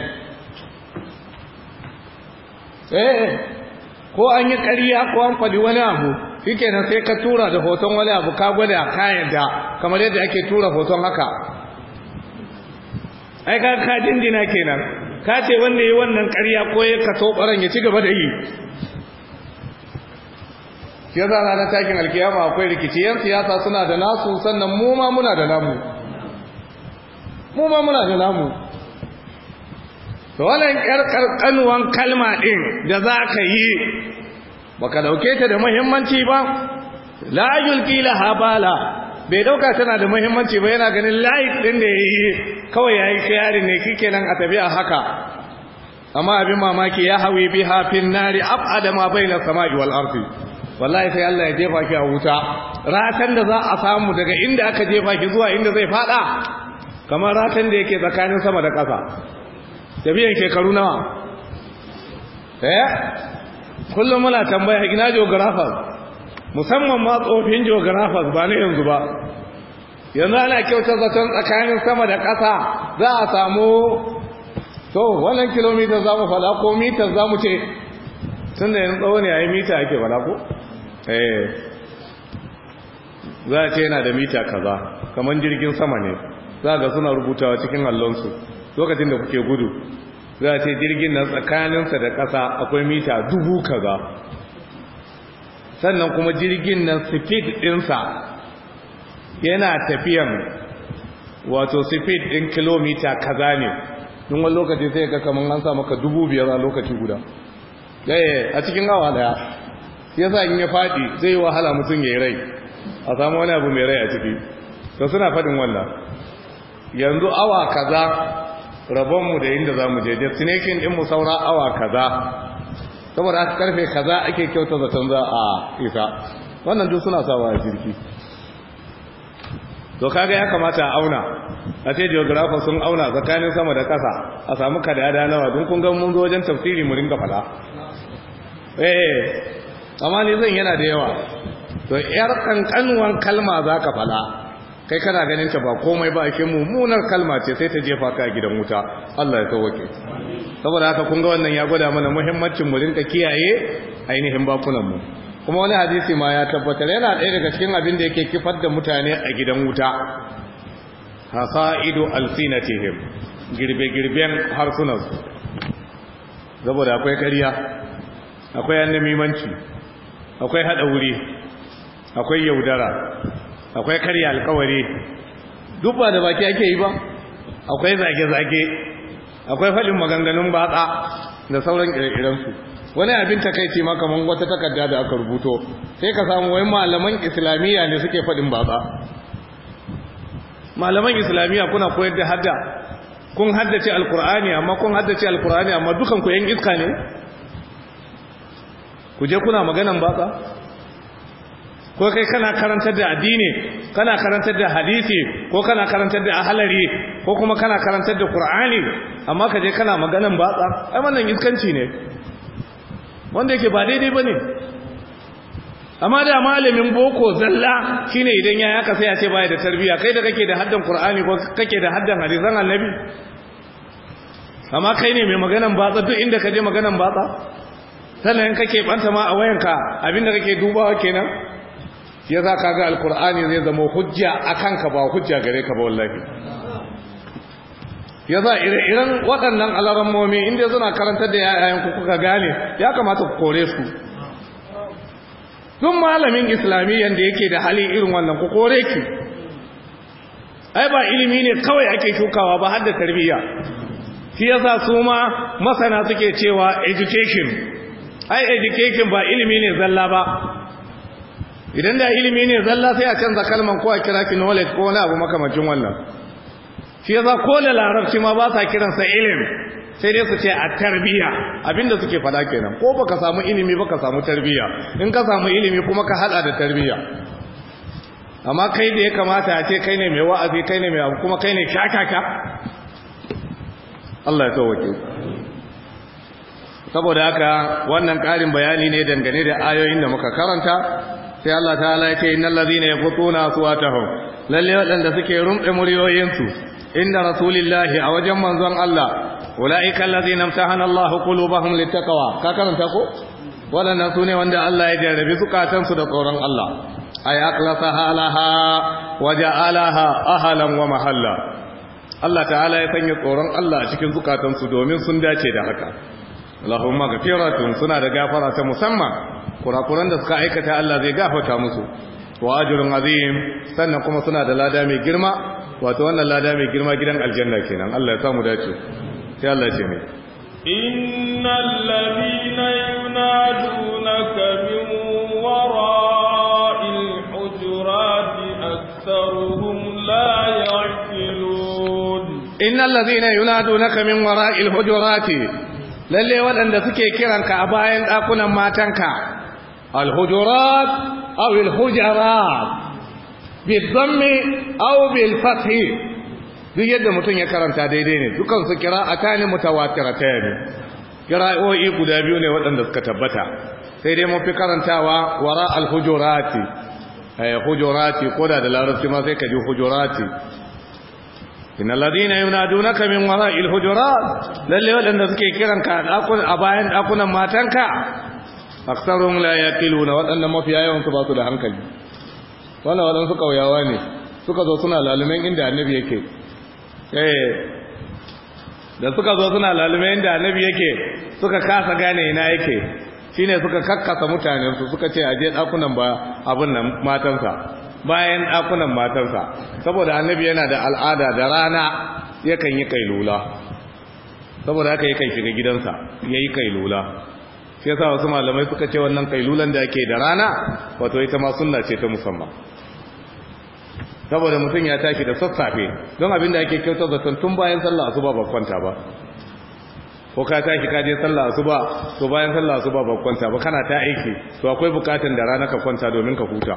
S1: eh ko an yi ƙarya ko an faɗi wani abu shike nan sai ka tura da hoton wani abu ka gwada ka yadda kamar yadda ake tura hoton haka ai ka ka dindina kenan ka ce wanda yi wannan ƙarya ko ya kaso ɓaran ya ci gaba da yi shi yasa ranar takin alkiyama akwai rikici yan siyasa suna da nasu sannan mu mu ma muna da namu to wannan karkarkanuwan kalma din da za ka yi baka dauke ta da muhimmanci ba la yulqi bai ɗauka tana da muhimmanci ba yana ganin layi din da yayi kawai yayi kiyari ne kike nan a tafiya haka amma abin mamaki ya hawi biha fin nari Af-adama bai na samai wal ardi wallahi sai Allah ya jefa ki a wuta ratan da za a samu daga inda aka jefa ki zuwa inda zai faɗa? kamar ratan da yake tsakanin sama da ƙasa tafiyan shekaru nawa eh kullum muna tambaya ina geographer musamman ma tsofin geographer ba ne yanzu ba yanzu ana kyautar zaton tsakanin sama da ƙasa za a samu to wannan kilomita za mu fada ko mita za mu ce tun da yanzu tsawon yayi mita ake fada ko eh za a ce yana da mita kaza kamar jirgin sama ne za ga suna rubutawa cikin allonsu lokacin da kuke gudu za a ce jirgin nan tsakaninsa da ƙasa akwai mita dubu kaza sannan kuma jirgin nan speed ɗinsa yana tafiyan wato speed ɗin kilomita kaza ne ɗin wani lokaci sai ka kamar an samu maka dubu biyar a lokaci guda yaya eh, a cikin awa ɗaya. ya sa in ya faɗi zai yi wahala mutum ya yi rai a samu wani abu mai rai a ciki suna faɗin wannan yanzu awa kaza rabonmu da inda za mu je destination mu saura awa kaza saboda aka karfe kaza ake kyauta zaton za a isa wannan duk suna sawa a jirgi to kaga ya kamata a auna a ce geographer sun auna tsakanin sama da ƙasa a samu kadada nawa don kun ga zo wajen tafsiri mu ringa fada eh amma ni zan yana da yawa to yar kankanuwan kalma za ka fada kai kana ganin ta ba komai ba ke mummunar kalma ce sai ta jefa ka gidan wuta Allah ya sauke saboda haka kun ga wannan ya gwada mana muhimmancin mu rinka kiyaye ainihin bakunan mu kuma wani hadisi ma ya tabbatar yana ɗaya daga cikin abin da yake kifar da mutane a gidan wuta hasa'idu alsinatihim girbe-girben su saboda akwai ƙarya akwai annabimanci akwai haɗa wuri akwai yaudara akwai karya alkawari duk ba da baki ake yi ba akwai zage-zage akwai faɗin maganganun batsa da sauran ire wani abin takaici maka kamar wata takarda da aka rubuto sai ka samu wai malaman islamiyya ne suke faɗin batsa malaman islamiyya kuna koyar da hadda kun haddace alkur'ani amma kun haddace alkur'ani amma dukan ku yan iska ne ku je kuna maganan batsa ko kai kana karantar da addini kana karantar da hadisi ko kana karantar da ahlari ko kuma kana karantar da qur'ani amma ka je kana maganan batsa ai wannan iskanci ne wanda yake ba daidai bane amma da malamin boko zalla shine idan ya yaka sai ya ce baya da tarbiya kai da kake da haddan qur'ani ko kake da haddan hadisan annabi amma kai ne mai maganan batsa duk inda ka je maganan batsa sannan kake banta ma a wayanka abinda kake dubawa kenan shi ka kaga alkur'ani zai zama hujja a kanka ba hujja gare ka ba wallahi yasa ire irin waɗannan momi inda suna karantar da yayayen kuka gane ya kamata ku kore su sun malamin islamiyyan da yake da hali irin wannan ku kore ki ai ba ilimi ne kawai ake shukawa ba har da tarbiyya shi yasa su ma masana suke cewa education ai education ba ilimi ne zalla ba idan da ilimi ne zalla sai a canza kalman ko a kira ki knowledge ko wani abu makamacin wannan shi yasa ko da larabci ma ba sa kiransa ilim sai dai su ce a tarbiya abinda suke fada kenan ko baka samu ilimi baka samu tarbiya in ka samu ilimi kuma ka hada da tarbiya amma kai da ya kamata a ce kai ne mai wa'azi kai ne mai abu kuma kai ne shakaka Allah ya tawake saboda haka wannan karin bayani ne dangane da ayoyin da muka karanta sai Allah ta'ala yake innal ladhina yaqutuna aswatahum lalle wadanda suke rumbe muryoyinsu inda rasulillahi a wajen manzon Allah ulaika alladhina amtahana Allah qulubahum littaqwa ka karanta ko wadannan sune wanda Allah ya jarrabi zukatansu da tsoron Allah ay aqlasaha alaha wa ja'alaha ahlan wa mahalla Allah ta'ala ya sanya tsoron Allah a cikin zukatansu domin sun dace da haka Allahumma ghafiratun suna da gafara ta musamman kurakuran da suka aikata Allah zai gafarta musu wa ajrun azim sannan kuma suna da lada mai girma wato wannan lada mai girma gidan aljanna kenan Allah ya samu dace sai Allah ya ce mai
S2: إن الذين ينادونك من وراء الحجرات أكثرهم لا يعقلون
S1: إن الذين ينادونك min wara'il الحجرات lalle waɗanda suke kiranka a bayan ɗakunan matanka alhujurat aw alhujarat bidhammi aw bilfath duk yadda mutum ya karanta daidai ne dukan su kira akani mutawatiratan kira'o'i guda biyu ne waɗanda suka tabbata sai dai mun fi karantawa wara alhujurati hujurati eh, koda da larabci ma sai ka ji hujurati ان الذين ينادونك من وراء الحجرات للي wadanda suke kiran ka a bayan dakunan matanka aktsarum la yaqiluna wadanda mafiya yawan su ba su da hankali wannan wadansu kauyawa ne suka zo suna lalumen inda annabi yake eh da suka zo suna lalumen inda annabi yake suka kasa gane ina yake shine suka kakkasa mutanen su suka ce aje dakunan ba abun nan matansa bayan akunan matarsa saboda annabi yana da al'ada da rana yakan yi kailula saboda haka yakan shiga gidansa ya yi kailula shi sa wasu malamai suka ce wannan kailulan da ake da rana wato ita ma sunna ce ta musamman saboda mutum ya tashi da sassafe don abin da ake kyautar zaton tun bayan sallah su ba kwanta ba ko ka tashi ka je sallah ba, to bayan sallah su ba kwanta ba kana ta aiki to akwai bukatan da rana ka kwanta domin ka huta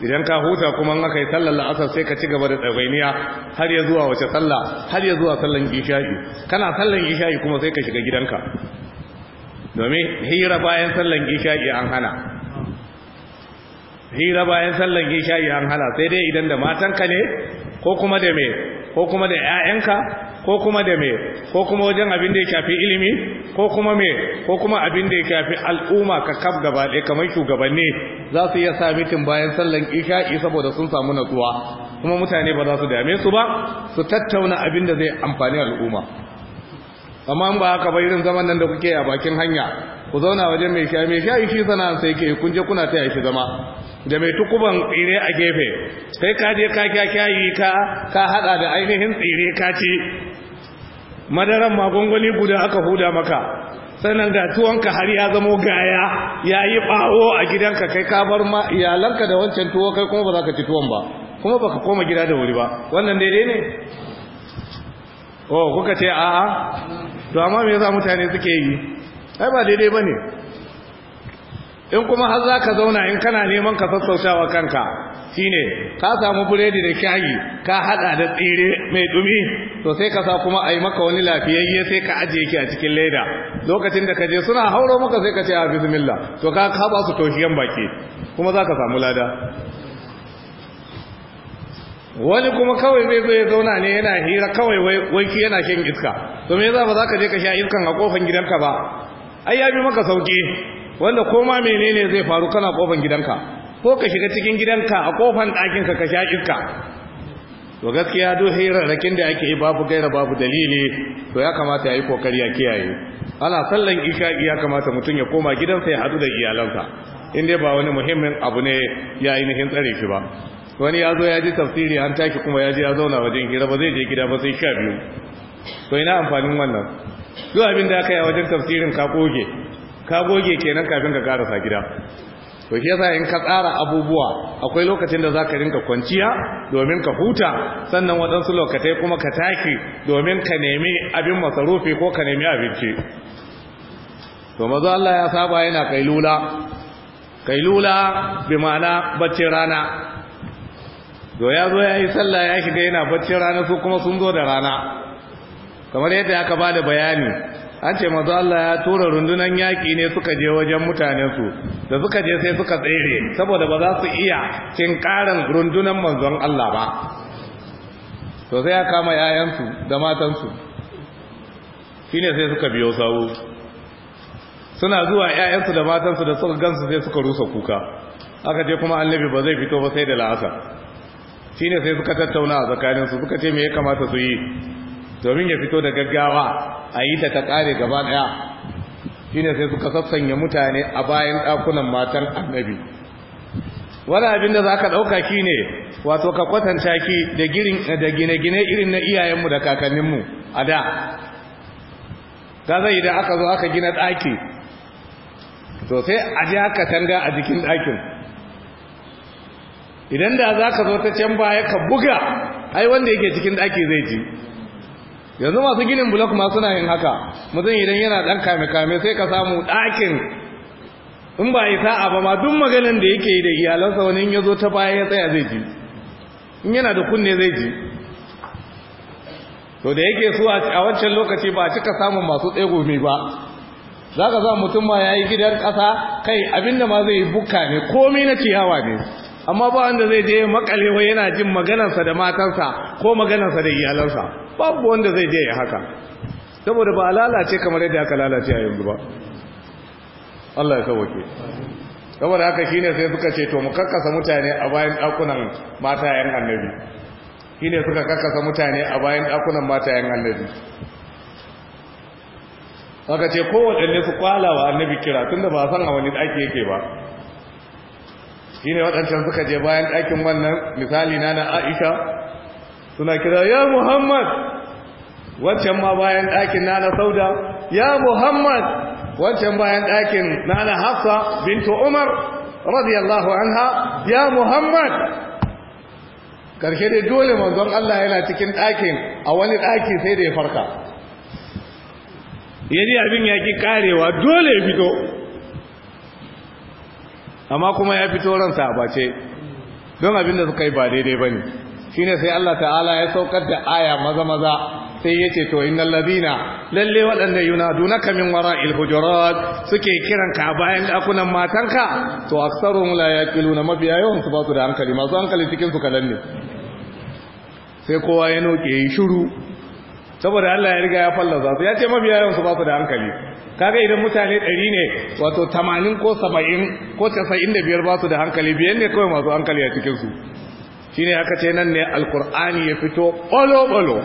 S1: idan ka huta kuma in aka yi sallar la'asar sai ka ci gaba da tsabainiya har ya zuwa wace sallah har ya zuwa sallar isha'i kana sallar isha'i kuma sai ka shiga gidanka domin hira bayan sallar isha'i an hana hira bayan sallar isha'i an hana sai dai idan da matanka ne ko kuma da me ko kuma da 'ya'yanka ko kuma da me ko kuma wajen abin da ya shafi ilimi ko kuma me ko kuma abin da ya shafi al'umma ka kaf gaba ɗaya kamar shugabanni za su iya sa mitin bayan sallan isha'i saboda sun samu natsuwa kuma mutane ba za su dame su ba su tattauna abin da zai amfani al'umma amma ba haka ba irin zaman nan da kuke a bakin hanya ku zauna wajen mai shayi mai shayi shi sana'an sai ke kun je kuna ta shi zama da mai tukuban tsire a gefe sai ka je ka kyakkyayi ka ka hada da ainihin tsire ka ce. madaran magungwani guda aka huda maka sannan ga tuwonka har ya zamo gaya ya yi bawo a gidanka kai ka bar ma iyalanka da wancan tuwo kai kuma ba za ka ci tuwon ba kuma baka koma gida da wuri ba wannan daidai ne oh kuka ce a'a to amma me yasa mutane suke yi ai ba daidai bane in kuma har za ka zauna in kana neman ka wa kanka shine ka samu buredi da shayi ka hada da tsire mai dumi to sai ka sa kuma a yi maka wani lafiyayye sai ka ajiye ki a cikin leda lokacin da ka je suna hauro maka sai ka ce a bismillah to ka kaba su toshiyan baki kuma za ka samu lada wani kuma kawai zai zai zauna ne yana hira kawai waiki yana shan iska to me za ba za ka je ka sha iskan a kofan gidanka ba ai ya bi maka sauki wanda koma menene zai faru kana kofan gidanka ko ka shiga cikin gidanka a kofan ɗakinka ka sha iska to gaskiya do hirarrakin da ake yi babu gaira babu dalili to ya kamata ya yi kokari ya kiyaye ana sallan isha ya kamata mutum ya koma gidansa ya hadu da iyalansa in dai ba wani muhimmin abu ne ya hin tsare shi ba wani ya zo ya ji tafsiri an taki kuma ya ji ya zauna wajen hira ba zai je gida ba sai sha biyu to ina amfanin wannan duk abin da aka yi a wajen tafsirin ka koge ka goge kenan kafin ka karasa gida to shi yasa in ka tsara abubuwa akwai lokacin da zaka rinka kwanciya domin ka huta sannan waɗansu lokatai kuma ka tashi domin ka nemi abin masarufi ko ka nemi abinci to mazo Allah ya saba yana kailula kailula bi ma'ana baccin rana to ya zo ya yi sallah ya shiga yana baccin rana su kuma sun zo da rana kamar yadda aka bada bayani an ce mazu Allah ya tura rundunan yaƙi ne suka je wajen mutanensu su da suka je sai suka tsere saboda ba za su iya cin karin rundunan manzon Allah ba to sai ya kama yayansu da matansu shine sai suka biyo sawu suna zuwa yayansu da matansu da suka gansu sai suka rusa kuka aka je kuma annabi ba zai fito ba sai da la'asa shine sai suka tattauna a tsakaninsu suka ce me ya kamata su yi domin ya fito da gaggawa a yi ta ta kare gaba ɗaya shi ne sai suka sassanya mutane a bayan ɗakunan matan annabi wani abin da za ka ɗauka shi ne wato ka kwatanta ki da gine-gine irin na iyayenmu da kakanninmu a da ta zai idan aka zo aka gina ɗaki to sai a ji haka tanga a jikin ɗakin idan da za ka zo ta can baya ka buga ai wanda yake cikin ɗaki zai ji yanzu masu ginin bulok ma suna yin haka mutum idan yana ɗan kame-kame sai ka samu ɗakin in ba yi sa'a ba ma duk maganin da yake yi da iyalansa wani in ya zo ta baya ya tsaya zai ji in yana da kunne zai ji to da yake su a wancan lokaci ba a cika samun masu tsegumi ba za ka za mutum ma ya yi gidan kasa kai abinda ma zai buka ne komai na ciyawa ne amma ba wanda zai je makale wai yana jin maganarsa da matarsa ko maganarsa da iyalansa babu wanda zai je ya haka saboda ba lalace kamar yadda aka lalace a yanzu ba Allah ya sauke saboda haka shine sai suka ce to mu kakkasa mutane a bayan dakunan matayen annabi shine suka kakkasa mutane a bayan dakunan matayen annabi aka ce kowanne su kwala wa annabi kira tunda ba san a wani daki yake ba shine waɗancan suka je bayan ɗakin wannan misali na na Aisha suna kira ya Muhammad wancan ma bayan ɗakin na na Sauda ya Muhammad wancan bayan ɗakin na na Hafsa bintu Umar radiyallahu anha ya Muhammad karshe dai dole manzon Allah yana cikin ɗakin a wani ɗaki sai da ya farka yaji abin ya ƙi karewa dole ya fito amma kuma ya fito ransa a bace don abin da suka yi ba daidai ba ne. Shi ne sai Allah ta'ala ya saukar da aya maza maza sai yace to innal ladina lalle waɗanda dunaka min wara hujurat suke kiran ka bayan ɗakunan matanka to aktsaruhum la yaqiluna mafiya yawan su ba su da hankali masu hankali cikin su kadan ne sai kowa ya noke yi shiru saboda Allah ya riga ya fallasa su ya ce mabiya yawan su ba su da hankali kaga idan mutane 100 ne wato tamanin ko 70 ko casa'in da biyar ba su da hankali biyan ne kawai masu hankali a cikin su shine aka ce nan ne alkur'ani ya fito ɓalo-ɓalo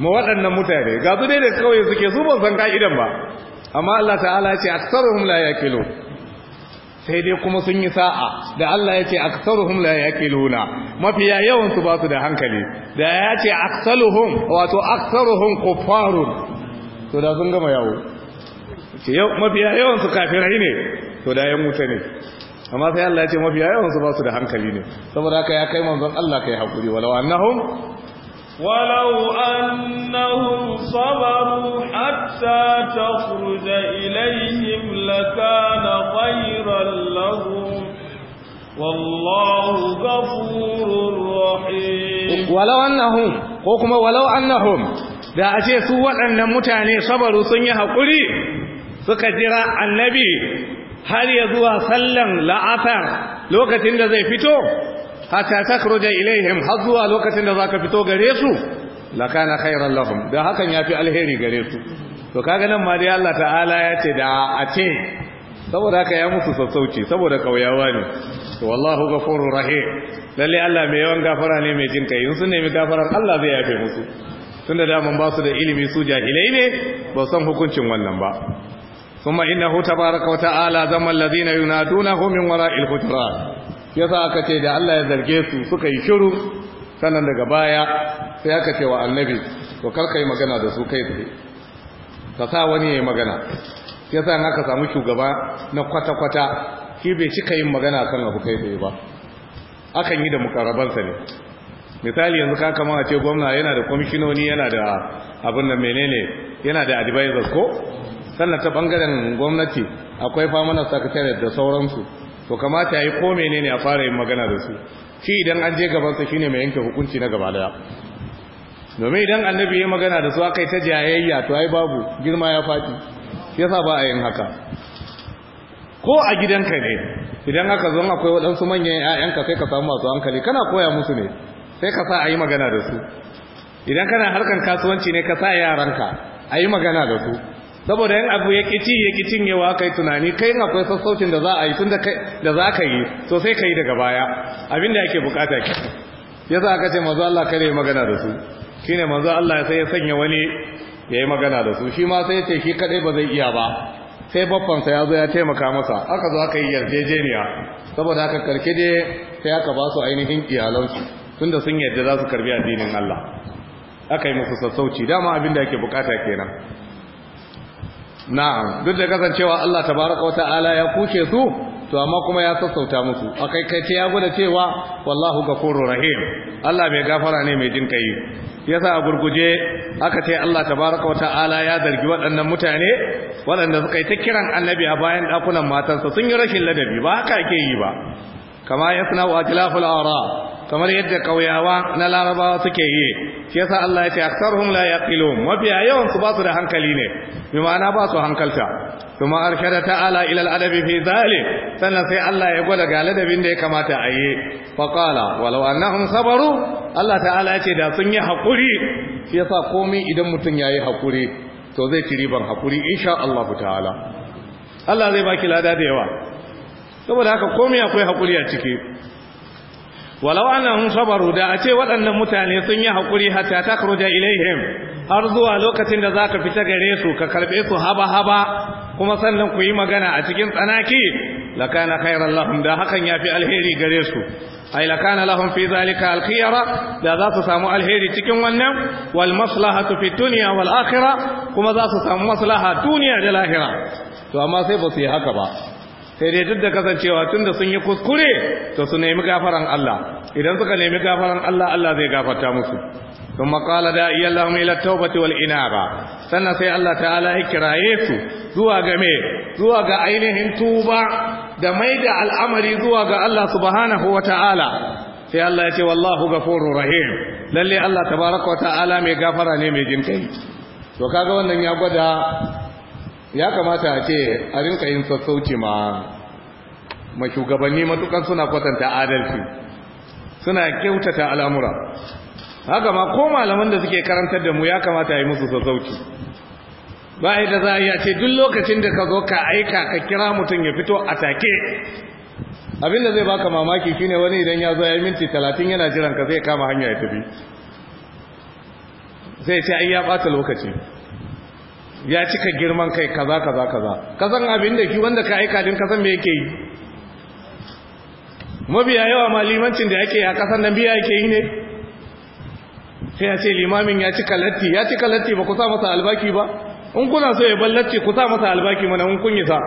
S1: ma waɗannan mutane ga su dai da kawai suke su ban san ka'idan ba amma Allah ta'ala ya ce aksaruhum la kilo sai dai kuma sun yi sa'a da Allah ya ce aksaruhum la yaqiluna mafiya yawan su ba su da hankali da ya ce aksaluhum wato aksaruhum kuffarun to da sun gama yawo ce yau mafiya yawan su kafirai ne to da ya wuta ne amma sai Allah ya ce mafiya yawan su ba su da hankali ne saboda haka ya kai manzon Allah kai hakuri walau annahum
S2: ولو أنهم صبروا حتى تخرج إليهم لكان خيرا لهم
S1: والله
S2: غفور
S1: رحيم ولو أنهم وكما ولو أنهم da a ce su waɗannan mutane sabaru sun yi haƙuri suka jira annabi har ya zuwa sallan la'asar lokacin da zai fito Hata ta takhruja ilaihim har zuwa lokacin da zaka fito gare su lakana khairan lahum da hakan yafi alheri gare su to kaga nan ma dai Allah ta'ala ya ce da a ce saboda haka ya musu sassauci saboda kauyawa ne to wallahu ghafurur rahim lalle Allah mai yawan gafara ne mai jin kai in sun nemi gafarar Allah zai yafe musu tunda da mun ba su da ilimi su jahilai ne ba san hukuncin wannan ba ثم إنه تبارك وتعالى ذم الذين ينادونه من وراء الحجرات yasa aka ce da Allah ya zarge su suka yi shiru sannan daga baya sai aka ce wa annabi to karka yi magana da su kai tsaye ka sa wani ya yi magana ya sa aka samu shugaba na kwata-kwata shi bai cika yin magana kan abu kai tsaye ba akan yi da mukarabansa ne misali yanzu ka kama a ce gwamna yana da kwamishinoni yana da abin da menene yana da advisors ko sannan ta bangaren gwamnati akwai famanar sakatare da sauransu to kamata yayi ko menene a fara yin magana da su shi idan an je gaban sa shine mai yanke hukunci na gaba daya domin idan annabi ya magana da su akai ta jayayya to ai babu girma ya fati yasa ba a yin haka ko a gidanka ne idan aka zo akwai waɗansu manyan ƴaƴanka sai ka samu masu hankali kana koya musu ne sai ka sa a magana da su idan kana harkan kasuwanci ne ka sa yaranka a yi magana da su saboda yin abu ya kici ya kicin yawa kai tunani kai yin akwai sassaucin da za a yi tun da za ka yi to sai ka yi daga baya abin da yake bukata ki ya za ka ce manzo Allah kare magana da su Shi ne manzo Allah sai ya sanya wani ya yi magana da su shi ma sai ya ce shi kadai ba zai iya ba sai babbansa ya zo ya taimaka masa aka zo aka yi yarjejeniya saboda haka karke dai sai aka ba su ainihin iyalansu Tun da sun yarda za su karbi addinin Allah aka yi musu sassauci dama abin da ake bukata kenan na'am duk da kasancewa Allah tabaraka wata'ala ya kuce su to amma kuma ya sassauta musu akai kai ce ya gwada cewa wallahu ghafurur rahim Allah mai gafara ne mai jin kai yasa a gurguje aka ce Allah tabaraka wata'ala ya zargi waɗannan mutane waɗanda suka yi ta kiran annabi a bayan ɗakunan matansa sun yi rashin ladabi ba haka ake yi ba kama yasna wa tilaful ara kamar yadda kauyawa na larabawa suke yi shi yasa Allah ya ce aktsaruhum la yaqilun mafiya yawan su ba su da hankali ne bi ma'ana ba su hankalta kuma arshada ta'ala ila al-adabi fi zalik sannan sai Allah ya gwada ga ladabin da ya kamata a yi fa qala walau annahum sabaru Allah ta'ala ya ce da sun yi hakuri shi yasa komai idan mutum yayi hakuri to zai ci riban hakuri insha Allah ta'ala Allah zai baki lada da yawa saboda haka komai akwai hakuri a ciki walau annahum sabaru da a ce waɗannan mutane sun yi haƙuri hatta takhruja ilaihim har zuwa lokacin da zaka fita gare su ka karbe su haba haba kuma sannan ku yi magana a cikin tsanaki lakana khairan lahum da hakan yafi alheri gare su lakana lahum fi zalika alkhiyara da za su samu alheri cikin wannan wal maslahatu fi dunya wal akhirah kuma za su samu maslaha duniya da lahira to amma sai ba su yi haka ba sai dai duk da kasancewa tun da sun yi kuskure to su nemi gafaran Allah idan suka nemi gafaran Allah Allah zai gafarta musu da iya داعي ila taubati wal inaba sannan sai Allah ta'ala ya kiraye su zuwa ga me zuwa ga ainihin tuba da mai da al'amari zuwa ga Allah subhanahu wa ta'ala sai Allah ya ce wallahu ghafurur rahim lalle Allah tabaaraka wa ta'ala mai gafara ne mai jinkai to kaga wannan ya gwada ya kamata a ce a rinka yin sassauci ma ma shugabanni matukan suna kwatanta adalci suna kyautata al'amura haka ma ko malaman da suke karantar da mu ya kamata a yi musu sassauci ba a yi da za a yi a ce duk lokacin da ka zo ka aika ka kira mutum ya fito a take Abin da zai baka mamaki shine wani idan ya zo ya yi minti talatin yana jiran ka zai kama hanya ya tafi zai ce ai ya bata lokaci ya cika girman kai kaza kaza kaza kasan abin da ki wanda ka aika din kasan me yake yi mabiya yawa ma limancin da yake a kasan nan biya yake yi ne sai ya ce limamin ya cika latti ya cika latti ba ku sa masa albaki ba in kuna so ya ballatti ku sa masa albaki mana in kun yi sa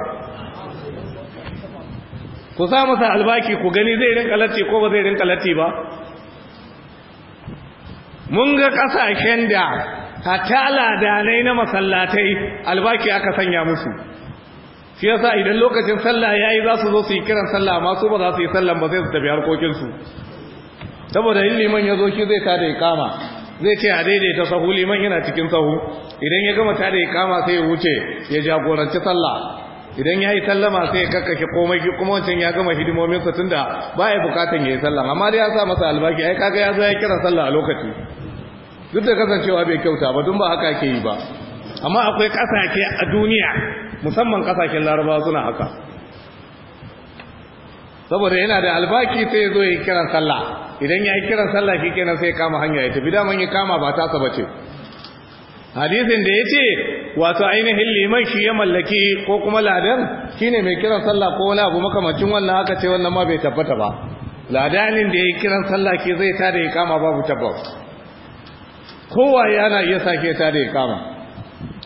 S1: ku sa masa albaki ku gani zai rinka latti ko ba zai rinka latti ba mun ga kasashen da hatta ladanai na masallatai albaki aka sanya musu shi yasa idan lokacin sallah yayi za su zo su yi kiran sallah amma su ba za su yi sallan ba sai su tafi harkokin su saboda in liman ya zo shi zai ta da ikama zai ce a daidaita sahu liman yana cikin sahu idan ya gama ta da ikama sai ya wuce ya jagoranci sallah idan ya yi sallama sai ya kakkashe komai kuma wancan ya gama hidimomin sa tunda ba ya bukatan ya yi sallah, amma dai ya sa masa albaki ai kaga ya zo ya kira sallah a lokaci duk da kasancewa bai kyauta ba don ba haka ake yi ba amma akwai kasashe a duniya musamman kasashen laraba suna haka saboda yana da albaki sai ya zo ya kiran sallah idan ya yi kiran sallah shi kenan sai kama hanya ya tafi daman ya kama ba ta ba ce hadisin da ya ce wato ainihin liman shi ya mallaki ko kuma ladan shine mai kiran sallah ko wani abu makamacin wannan haka ce wannan ma bai tabbata ba ladanin da ya yi kiran sallah ke zai tada ya kama babu tabbas kowa yana iya sake ta da kama,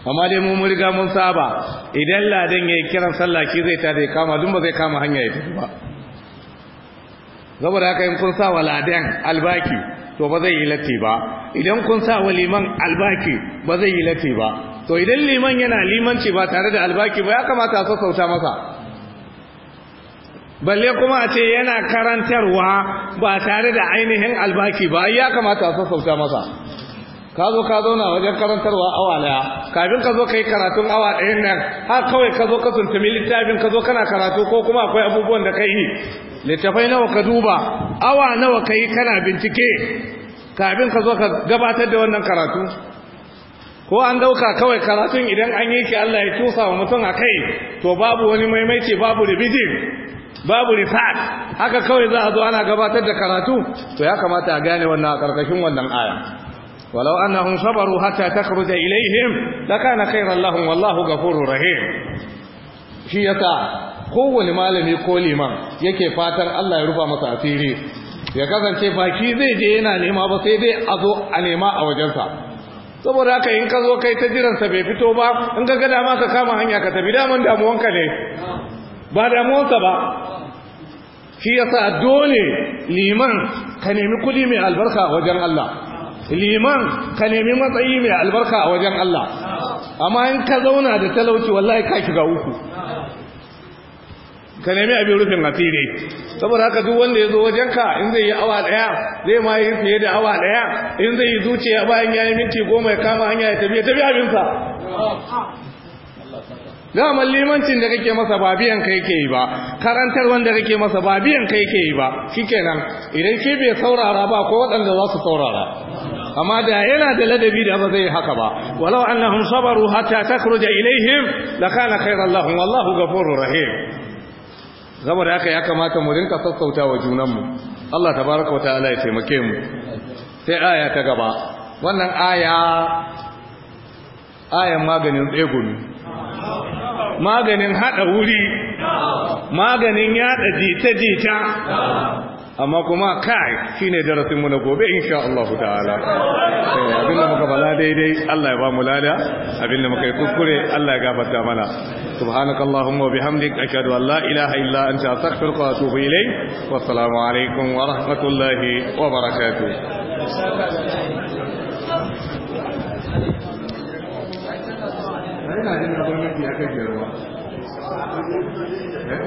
S1: amma dai mu riga mun saba idan ladan yi kiran sallah ki zai ta da kama, dun ba zai kama hanya ya tafi ba saboda haka in kun sa wa ladan albaki to ba zai yi latti ba idan kun sa wa liman albaki ba zai yi latti ba to idan liman yana limanci ba tare da albaki ba ya kamata a sassauta masa balle kuma a ce yana karantarwa ba tare da ainihin albaki ba ya kamata a sassauta masa ka zo ka zauna wajen karantarwa awa daya kafin ka zo ka yi karatun awa ɗayan nan har kawai ka zo ka tuntumi littafin ka zo kana karatu ko kuma akwai abubuwan da ka yi littafai nawa ka duba awa nawa ka yi kana bincike kafin ka zo ka gabatar da wannan karatu ko an ɗauka kawai karatun idan an yi ki Allah ya cusa wa mutum a kai to babu wani maimaici babu revision babu rifat haka kawai za a zo ana gabatar da karatu to ya kamata a gane wannan a ƙarƙashin wannan aya ولو أنهم صبروا حتى تخرج إليهم لكان خيرا لهم والله غفور رحيم shi yasa kowane malami ko liman yake fatan Allah ya rufa masa asiri ya kasance baki zai je yana nema ba sai dai a zo a nema a wajensa saboda haka in ka zo kai ta jiransa bai fito ba in ka ga dama kama hanya ka tafi daman damuwanka ne ba damuwansa ba shi yasa dole liman ka nemi kuɗi mai albarka wajen Allah liman ka nemi matsayi mai albarka a wajen Allah amma in ka zauna da talauci wallahi ka shiga uku ka nemi abin rufin asiri saboda haka duk wanda ya zo wajenka in zai yi awa daya zai ma yi fiye da awa daya in zai yi zuciya bayan ya yi minti goma ya kama hanya ya tafiye ya abinsa daman limancin da kake masa ba biyan kai ke yi ba karantar wanda kake masa ba biyan kai ke yi ba shikenan idan shi bai saurara ba ko waɗanda za su saurara amma da yana da ladabi da ba zai haka ba walau annahum sabaru hatta takhruja ilaihim lakana khairan lahum wallahu ghafurur rahim saboda haka ya kamata mu rinka sassauta wa junanmu Allah tabaraka wataala ya taimake mu sai aya ta gaba wannan aya ayan maganin tsegumi maganin hada wuri maganin yada jita-jita amma kuma kai shine darasin mu na gobe insha Allah ta'ala eh, abin da muka bala daidai Allah ya ba mu lada abin da muka yi kuskure Allah ya gafarta mana subhanakallahumma wa bihamdik ashhadu an la ilaha illa anta astaghfiruka wa atubu ilayk wa assalamu alaikum wa rahmatullahi wa barakatuh